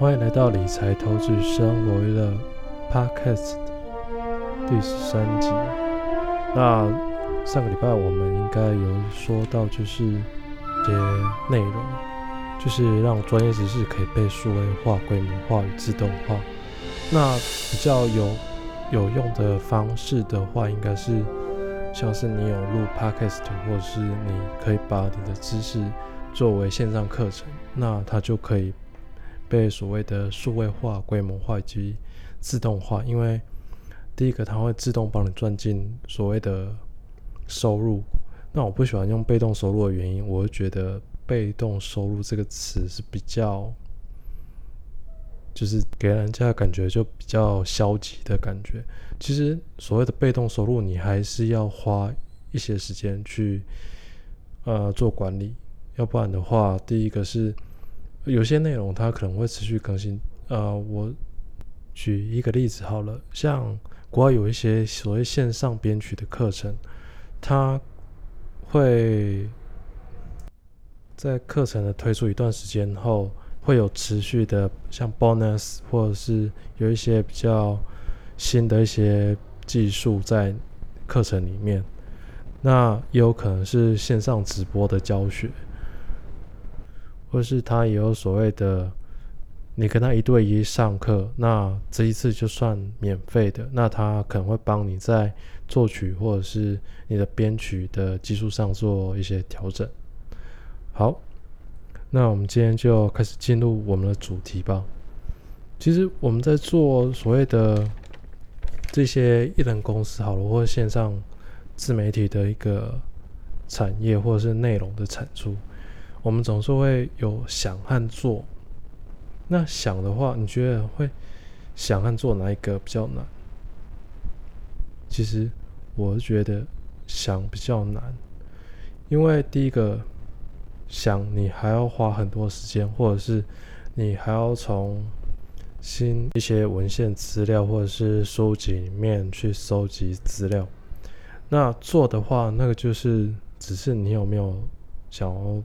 歡迎來到理財投資生活娛樂 podcast 第十三集。那上個禮拜我們應該有說到，就是一些內容，就是讓專業知識可以被數位化、規模化與自動化。那比較有有用的方式的話，應該是像是你有錄 podcast，或者是你可以把你的知識作為線上課程，那它就可以。被所謂的數位化、規模化以及自動化，因為第一個它會自動幫你賺進所謂的收入。那我不喜歡用被動收入的原因，我會覺得被動收入這個詞是比較，就是給人家的感覺就比較消極的感覺。其實所謂的被動收入，你還是要花一些時間去呃做管理，要不然的話，第一個是。有些內容它可能會持續更新。呃，我舉一個例子好了，像國外有一些所謂線上編曲的課程，它會在課程的推出一段時間後，會有持續的像 bonus，或者是有一些比較新的一些技術在課程裡面。那也有可能是線上直播的教學。或是他也有所謂的，你跟他一對一上課，那這一次就算免費的，那他可能會幫你在作曲或者是你的編曲的技術上做一些調整。好，那我們今天就開始進入我們的主題吧。其實我們在做所謂的這些藝人公司，好了，或線上自媒體的一個產業，或者是內容的產出。我們總是會有想和做。那想的話，你覺得會想和做哪一個比較難？其實，我覺得想比較難，因為第一個想，你還要花很多時間，或者是你還要從新一些文獻資料或者是書籍裡面去搜集資料。那做的話，那個就是只是你有沒有想要。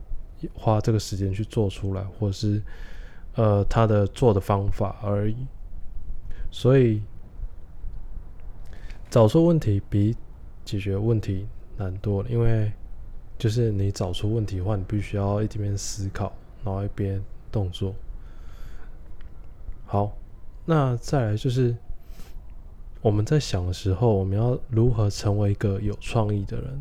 花這個時間去做出來，或是呃他的做的方法而已，所以找出問題比解決問題難多了。因為就是你找出問題的話，你必須要一邊思考，然後一邊動作。好，那再來就是我們在想的時候，我們要如何成為一個有創意的人？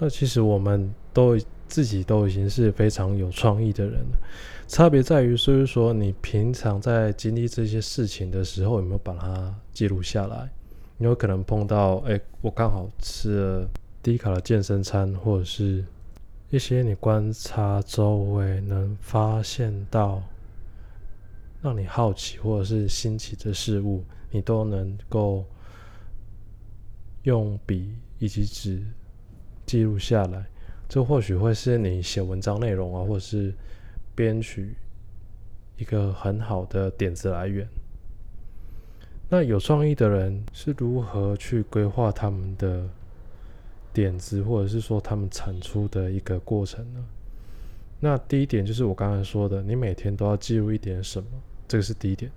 那其實我們都自己都已經是非常有創意的人了，差別在於，就是說，你平常在經歷這些事情的時候，有沒有把它記錄下來？你有可能碰到，哎、欸，我剛好吃了低卡的健身餐，或者是一些你觀察周圍能發現到讓你好奇或者是新奇的事物，你都能夠用筆以及紙記錄下來。這或許會是你寫文章內容啊，或者是編曲一個很好的點子來源。那有創意的人是如何去規劃他們的點子，或者是說他們產出的一個過程呢？那第一點就是我剛才說的，你每天都要記錄一點什麼，這個是第一點。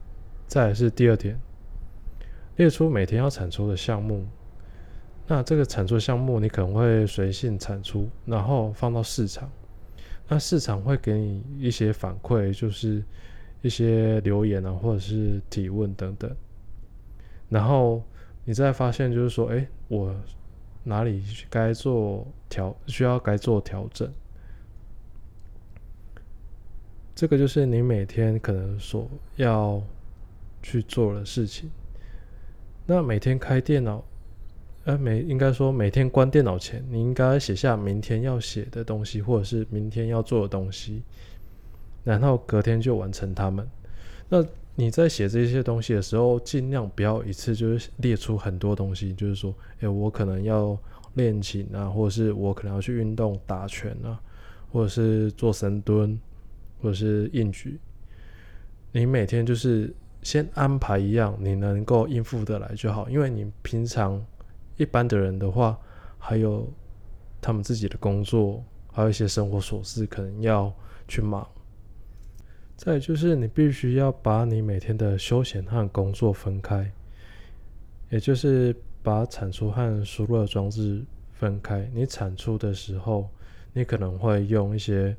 再來是第二點，列出每天要產出的項目。那這個產出項目，你可能會隨性產出，然後放到市場。那市場會給你一些反饋，就是一些留言啊，或者是提問等等。然後你再發現，就是說，哎、欸，我哪裡該做調，需要該做調整。這個就是你每天可能所要去做的事情。那每天開電腦。哎、欸，每應該說每天關電腦前，你應該寫下明天要寫的東西，或者是明天要做的東西，然後隔天就完成它們。那你在寫這些東西的時候，儘量不要一次就是列出很多東西，就是說，哎、欸，我可能要練琴啊，或者是我可能要去運動打拳啊，或者是做深蹲，或者是硬舉。你每天就是先安排一樣，你能夠應付得來就好，因為你平常。一般的人的話，還有他們自己的工作，還有一些生活瑣事，可能要去忙。再就是，你必須要把你每天的休閒和工作分開，也就是把產出和輸入的裝置分開。你產出的時候，你可能會用一些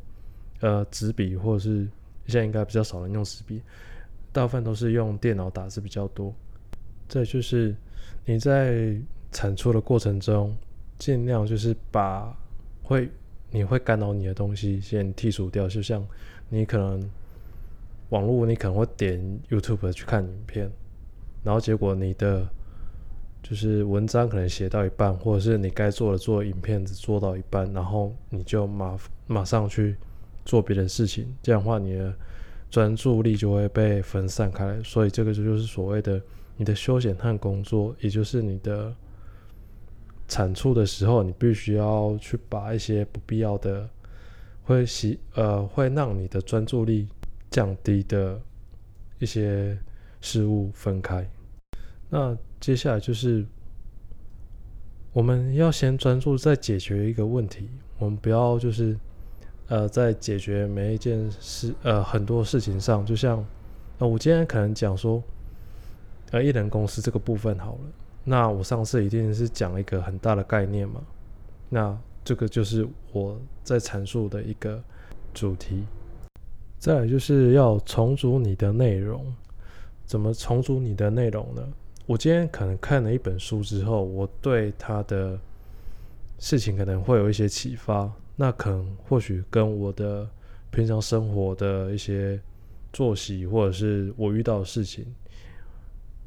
呃紙筆，或者是現在應該比較少人用紙筆，大部分都是用電腦打字比較多。再就是你在產出的過程中，儘量就是把會你會干擾你的東西先剔除掉。就像你可能網絡，你可能會點 YouTube 去看影片，然後結果你的就是文章可能寫到一半，或者是你該做的做的影片只做到一半，然後你就馬馬上去做別的事情，這樣的話你的專注力就會被分散開來。所以這個就是所謂的你的休閒和工作，也就是你的。產出的時候，你必須要去把一些不必要的、會洗，呃、會讓你的專注力降低的一些事物分開。那接下來就是，我們要先專注在解決一個問題，我們不要就是呃在解決每一件事呃很多事情上。就像呃，我今天可能講說呃一人公司這個部分好了。那我上次一定是講一個很大的概念嘛。那這個就是我在闡述的一個主題。再來就是要重組你的內容，怎麼重組你的內容呢？我今天可能看了一本書之後，我對他的事情可能會有一些啟發，那可能或許跟我的平常生活的一些作息或者是我遇到的事情。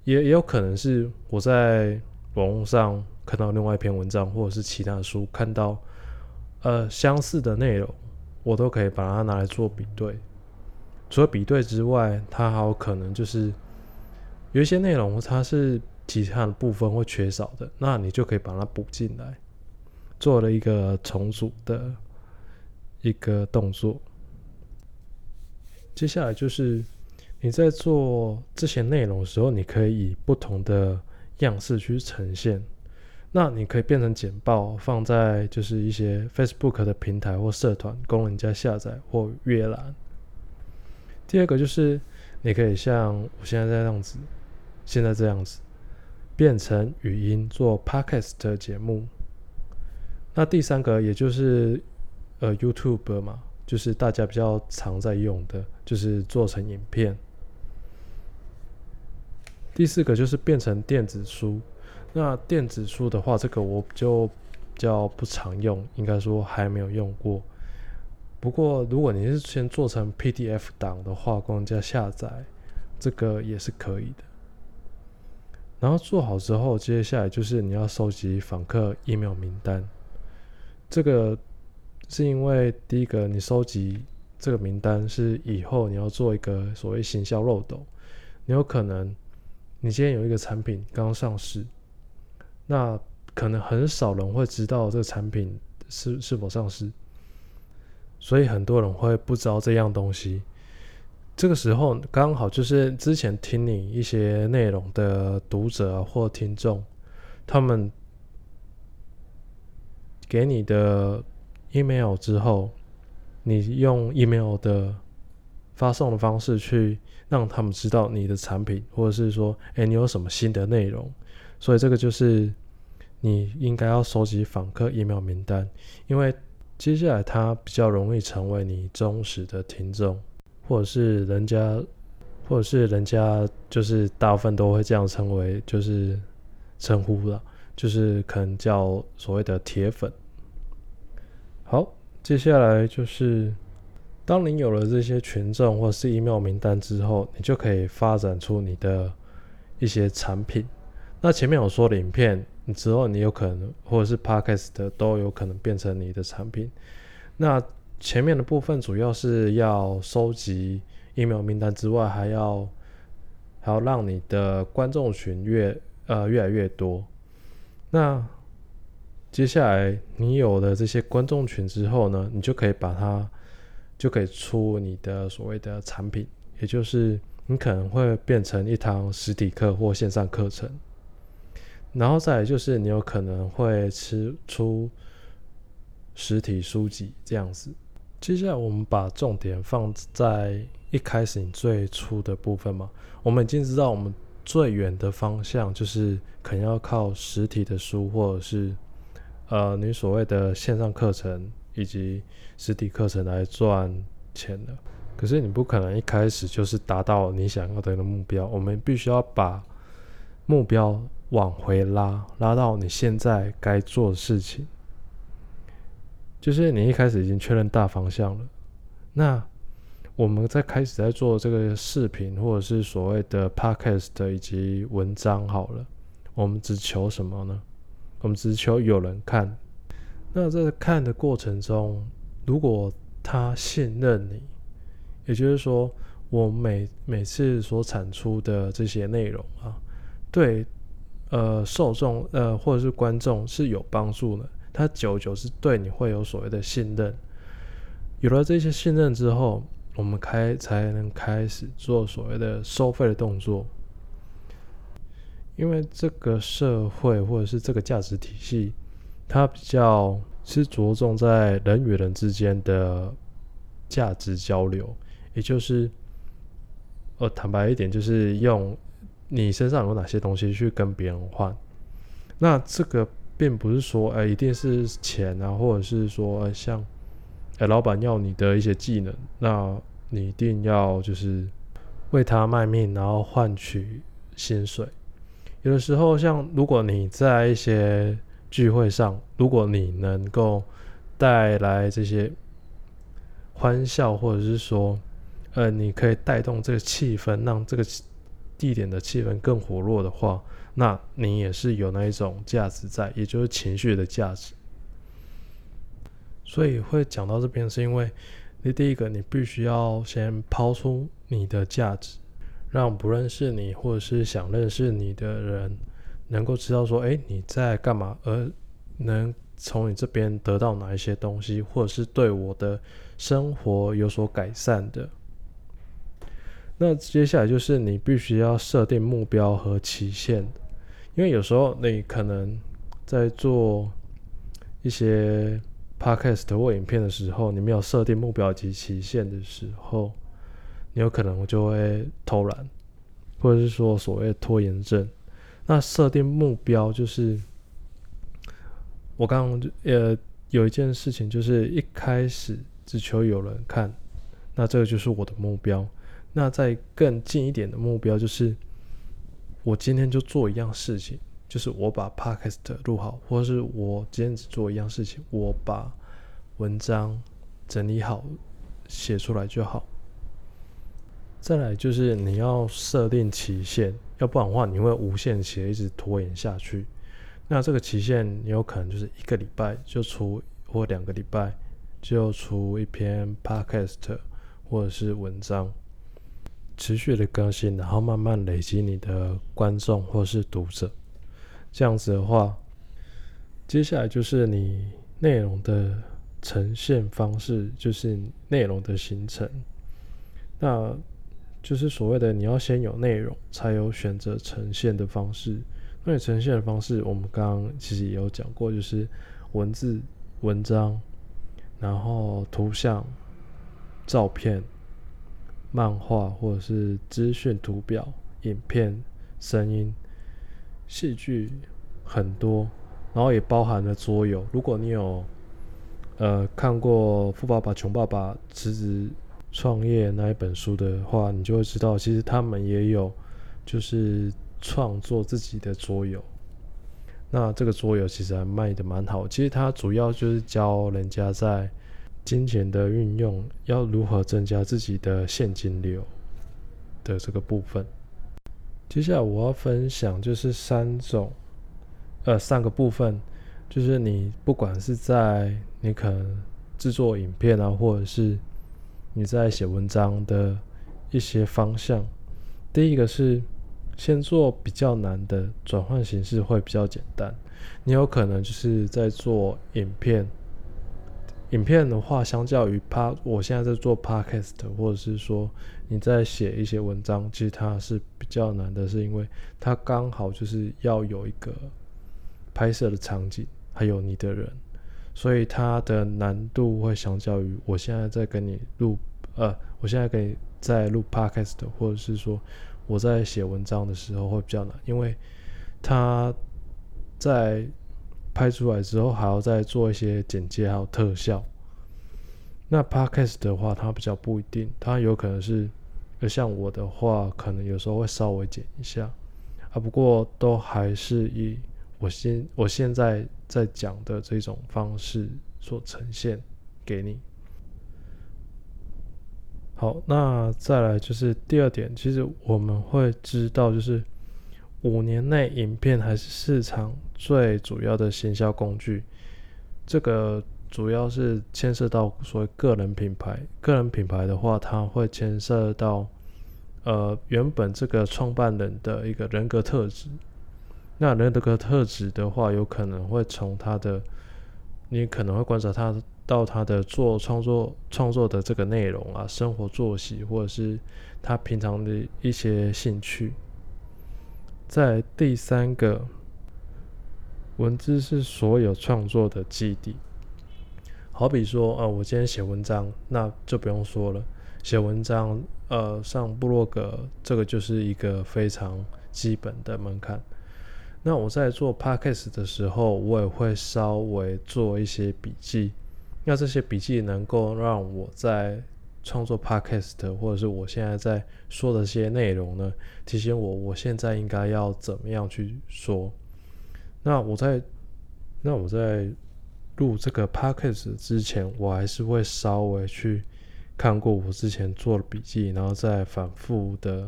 也也有可能是我在網絡上看到另外一篇文章，或者是其他的書看到呃相似的內容，我都可以把它拿來做比對。除了比對之外，它還有可能就是有一些內容它是其他的部分會缺少的，那你就可以把它補進來，做了一個重組的一個動作。接下來就是。你在做這些內容的時候，你可以以不同的樣式去呈現。那你可以變成簡報，放在就是一些 Facebook 的平台或社團供人家下載或閱覽。第二個就是你可以像我現在這樣子，現在這樣子變成語音做 Podcast 的節目。那第三個也就是呃 YouTube 嘛，就是大家比較常在用的，就是做成影片。第四個就是變成電子書。那電子書的話，這個我就比較不常用，應該說還沒有用過。不過，如果你是先做成 PDF 檔的話，供大家下載，這個也是可以的。然後做好之後，接下來就是你要收集訪客 email 名單。這個是因為第一個，你收集這個名單是以後你要做一個所謂行銷漏斗，你有可能。你今天有一個產品剛上市，那可能很少人會知道這個產品是是否上市，所以很多人會不知道這樣東西。這個時候剛好就是之前聽你一些內容的讀者、啊、或聽眾，他們給你的 email 之後，你用 email 的。發送的方式去讓他們知道你的產品，或者是說，哎、欸,你有什麼新的內容。所以這個就是你應該要收集訪客 email 名單，因為接下來他比較容易成為你忠實的聽眾，或者是人家，或者是人家就是大部分都會這樣稱為，就是稱呼了，就是可能叫所謂的鐵粉。好，接下來就是。當你有了這些群眾或是 email 名單之後，你就可以發展出你的一些產品。那前面我說的影片之後，你有可能或者是 podcast 的都有可能變成你的產品。那前面的部分主要是要收集 email 名單之外，還要還要讓你的觀眾群越呃越來越多。那接下來你有了這些觀眾群之後呢，你就可以把它。就可以出你的所謂的產品，也就是你可能會變成一堂實體課或線上課程，然後再來就是你有可能會吃出實體書籍這樣子。接下來我們把重點放在一開始你最初的部分嘛，我們已經知道我們最遠的方向就是可能要靠實體的書或者是呃你所謂的線上課程。以及實體課程來賺錢的，可是你不可能一開始就是達到你想要的一個目標。我們必須要把目標往回拉，拉到你現在該做的事情。就是你一開始已經確認大方向了，那我們再開始在做這個視頻或者是所謂的 podcast 以及文章好了，我們只求什麼呢？我們只求有人看。那在看的過程中，如果他信任你，也就是說，我每每次所產出的這些內容啊，對呃受眾呃或者是觀眾是有幫助的，他久久是對你會有所謂的信任。有了這些信任之後，我們開才能開始做所謂的收費的動作，因為這個社會或者是這個價值體系。它比較是着重在人與人之間的價值交流，也就是，呃，坦白一點，就是用你身上有哪些東西去跟別人換。那這個並不是說，哎，一定是錢啊，或者是說像，哎，老闆要你的一些技能，那你一定要就是為他賣命，然後換取薪水。有的時候，像如果你在一些聚會上，如果你能夠帶來這些歡笑，或者是說，呃，你可以帶動這個氣氛，讓這個地點的氣氛更活絡的話，那你也是有那一種價值在，也就是情緒的價值。所以會講到這邊，是因為你第一個，你必須要先拋出你的價值，讓不認識你或者是想認識你的人。能夠知道說，哎、欸，你在幹嘛？而能從你這邊得到哪一些東西，或者是對我的生活有所改善的。那接下來就是你必須要設定目標和期限，因為有時候你可能在做一些 podcast 或影片的時候，你沒有設定目標及期限的時候，你有可能就會偷懶，或者是說所謂拖延症。那設定目標就是，我剛剛呃有一件事情就是一開始只求有人看，那這個就是我的目標。那再更近一點的目標就是，我今天就做一樣事情，就是我把 podcast 錄好，或者是我今天只做一樣事情，我把文章整理好寫出來就好。再來就是你要設定期限。要不然的話，你會無限期的一直拖延下去。那這個期限，你有可能就是一個禮拜就出，或兩個禮拜就出一篇 podcast 或者是文章，持續的更新，然後慢慢累積你的觀眾或是讀者。這樣子的話，接下來就是你內容的呈現方式，就是內容的形成。那就是所謂的，你要先有內容，才有選擇呈現的方式。那你呈現的方式，我們剛剛其實也有講過，就是文字文章，然後圖像、照片、漫畫，或者是資訊圖表、影片、聲音、戲劇很多，然後也包含了桌遊。如果你有，呃，看過《富爸爸窮爸爸》辭職。創業那一本書的話，你就會知道，其實他們也有，就是創作自己的桌遊。那這個桌遊其實還賣得蠻好。其實它主要就是教人家在金錢的運用，要如何增加自己的現金流的這個部分。接下來我要分享就是三種，呃，三個部分，就是你不管是在你可能制作影片啊，或者是。你在寫文章的一些方向，第一個是先做比較難的轉換形式會比較簡單。你有可能就是在做影片，影片的話，相較於 p，我現在在做 podcast，或者是說你在寫一些文章，其實它是比較難的，是因為它剛好就是要有一個拍攝的場景，還有你的人。所以它的難度會相較於我現在在跟你錄，呃，我現在跟你在錄 podcast，或者是說我在寫文章的時候會比較難，因為它在拍出來之後還要再做一些剪接，還有特效。那 podcast 的話，它比較不一定，它有可能是，呃，像我的話，可能有時候會稍微剪一下啊，不過都還是以我現我現在。在講的這種方式所呈現給你。好，那再來就是第二點，其實我們會知道，就是五年內，影片還是市場最主要的行銷工具。這個主要是牽涉到所謂個人品牌。個人品牌的話，它會牽涉到呃原本這個創辦人的一個人格特質。那人的這個特質的話，有可能會從他的，你可能會觀察他到他的做創作創作的這個內容啊、生活作息，或者是他平常的一些興趣。在第三個，文字是所有創作的基地。好比說，呃，我今天寫文章，那就不用說了，寫文章，呃，上部落格，這個就是一個非常基本的門檻。那我在做 podcast 的時候，我也會稍微做一些筆記。那這些筆記能夠讓我在創作 podcast，或者是我現在在說的這些內容呢，提醒我我現在應該要怎麼樣去說。那我在，那我在錄這個 podcast 之前，我還是會稍微去看過我之前做的筆記，然後再反復的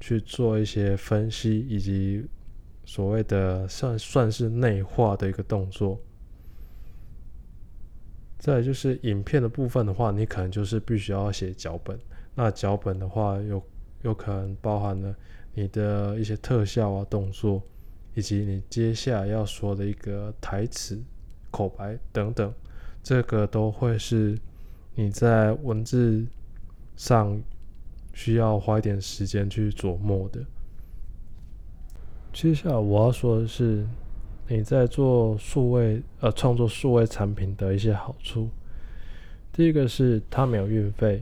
去做一些分析以及。所謂的算算是內化的一個動作。再來就是影片的部分的話，你可能就是必須要寫腳本。那腳本的話有，有有可能包含了你的一些特效啊、動作，以及你接下來要說的一個台詞、口白等等，這個都會是你在文字上需要花一點時間去琢磨的。接下來我要說的是，你在做數位呃創作數位產品的一些好處。第一個是它沒有運費，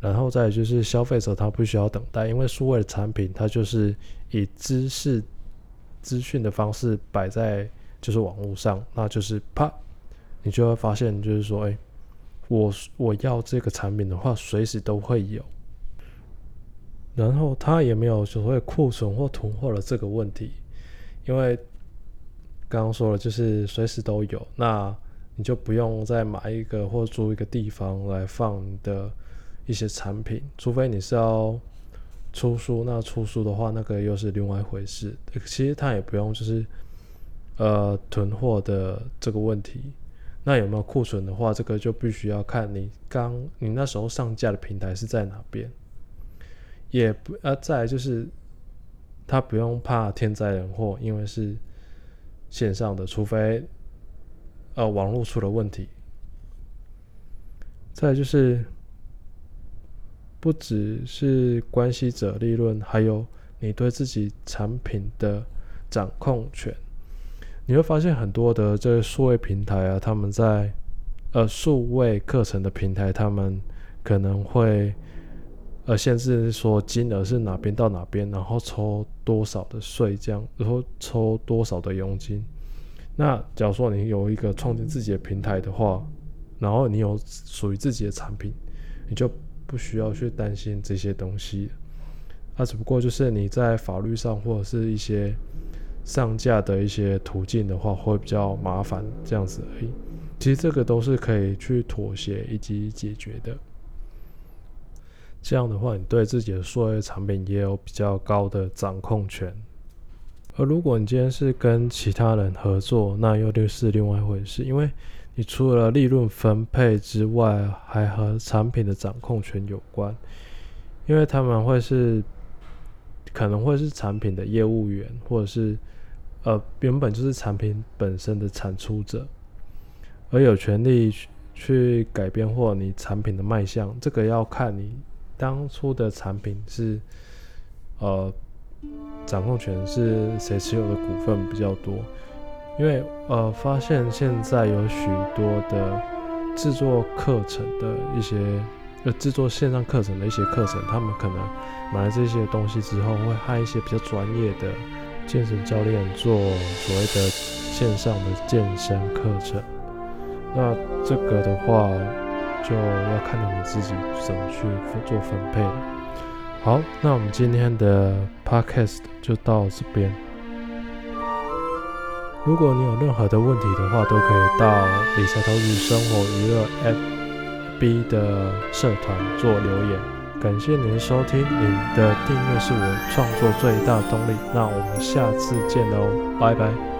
然後再就是消費者他不需要等待，因為數位的產品它就是以知識資訊的方式擺在就是網路上，那就是啪，你就會發現就是說，哎、欸，我我要這個產品的話，隨時都會有。然後他也沒有所謂庫存或囤貨的這個問題，因為剛剛說了，就是隨時都有，那你就不用再買一個或租一個地方來放的一些產品，除非你是要出書，那出書的話，那個又是另外一回事。其實他也不用就是呃囤貨的這個問題。那有沒有庫存的話，這個就必須要看你剛你那時候上架的平台是在哪邊。也不呃、啊，再來就是，他不用怕天災人禍，因為是線上的，除非呃網絡出了問題。再來就是，不只是關係著利潤，還有你對自己產品的掌控權。你會發現很多的這個數位平台啊，他們在呃數位課程的平台，他們可能會。呃，限制是說金額是哪邊到哪邊，然後抽多少的稅，這樣，然後抽多少的佣金。那假如說你有一個創建自己的平台的話，然後你有屬於自己的產品，你就不需要去擔心這些東西。那、啊、只不過就是你在法律上或者是一些上架的一些途徑的話，會比較麻煩這樣子而已。其實這個都是可以去妥協以及解決的。這樣的話，你對自己的所有產品也有比較高的掌控權。而如果你今天是跟其他人合作，那又另是另外一回事，因為你除了利潤分配之外，還和產品的掌控權有關，因為他們會是，可能會是產品的業務員，或者是呃原本就是產品本身的產出者，而有權利去改變或你產品的賣相，這個要看你，當初的產品是，呃，掌控權是誰持有的股份比較多？因為呃，發現現在有許多的製作課程的一些呃製作線上課程的一些課程，他們可能買了這些東西之後，會和一些比較專業的健身教練做所謂的線上的健身課程。那這個的話。就要看你們自己怎麼去做分、分配。好，那我們今天的 podcast 就到這邊。如果你有任何的問題的話，都可以到理財、投資、生活、娛樂 FB 的社團做留言。感謝您的收聽，您的訂閱是我創作最大動力。那我們下次見嘍，拜拜。